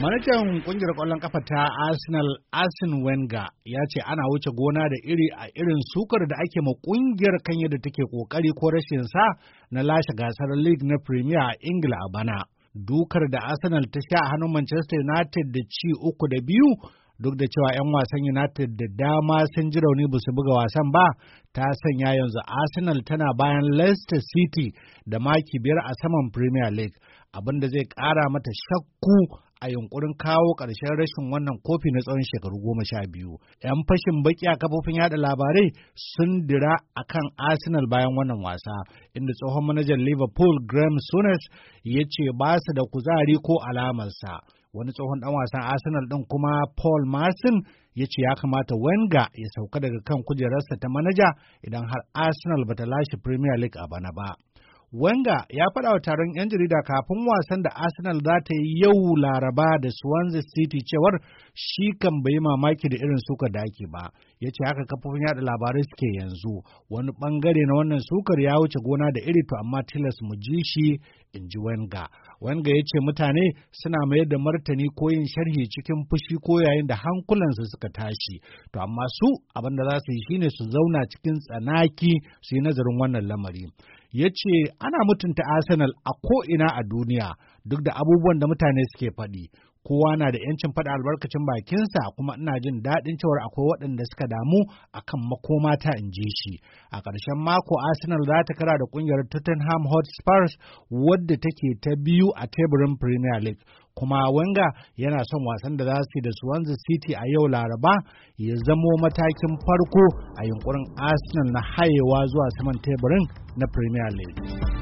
Manajan kungiyar ƙwallon kafa ta Arsenal Arsene Wenger ya ce ana wuce gona da iri a irin sukar da ake ma kungiyar kan yadda take kokari ko rashin sa na lashe gasar League na Premier a Ingila a bana. Dukar da Arsenal ta sha a hannun Manchester United da ci uku da biyu duk da cewa 'yan wasan United da dama sun ji rauni ba su buga wasan ba, ta sanya yanzu Arsenal tana bayan Leicester City da maki biyar a saman Premier League. abin da zai ƙara mata shakku a yunkurin kawo ƙarshen rashin wannan kofi na tsawon shekaru goma sha biyu. 'Yan fashin baki a kafofin yada labarai sun dira a kan Arsenal bayan wannan wasa, inda tsohon manajan Liverpool Graham Souness ya ce ba su da kuzari ko alamarsa. Wani tsohon ɗan wasan Arsenal ɗin kuma Paul Martin ya ce ya kamata Wenger ya sauka daga kan kujerarsa ta manaja idan har Arsenal bata lashe Premier League a bana ba. Wanga ya faɗa wa taron 'yan jarida kafin wasan da Arsenal za ta yi yau Laraba da Swansea City cewar shi kan bai mamaki da irin sukar da ake ba. Ya ce haka kafofin yada labarai suke yanzu. Wani bangare na wannan sukar ya wuce gona da iri to amma tilas mu ji shi in ji wanga. Wanga ya ce mutane suna mayar da martani ko yin sharhi cikin fushi ko yayin da hankulansu suka tashi. To amma su abin da za su yi shine su zauna cikin tsanaki su yi nazarin wannan lamari. ya ce ana mutunta Arsenal a ko'ina a duniya duk da abubuwan da mutane suke faɗi kowa na da yancin faɗa albarkacin bakinsa kuma ina jin daɗin cewar akwai waɗanda suka damu akan makoma ta in ji shi a ƙarshen mako arsenal za ta kara da ƙungiyar tottenham hotspur wadda take ta biyu a teburin premier league kuma wanga yana son wasan da za su yi da swansea city a yau laraba ya zamo matakin farko a yunkurin arsenal na hayewa zuwa saman teburin na premier league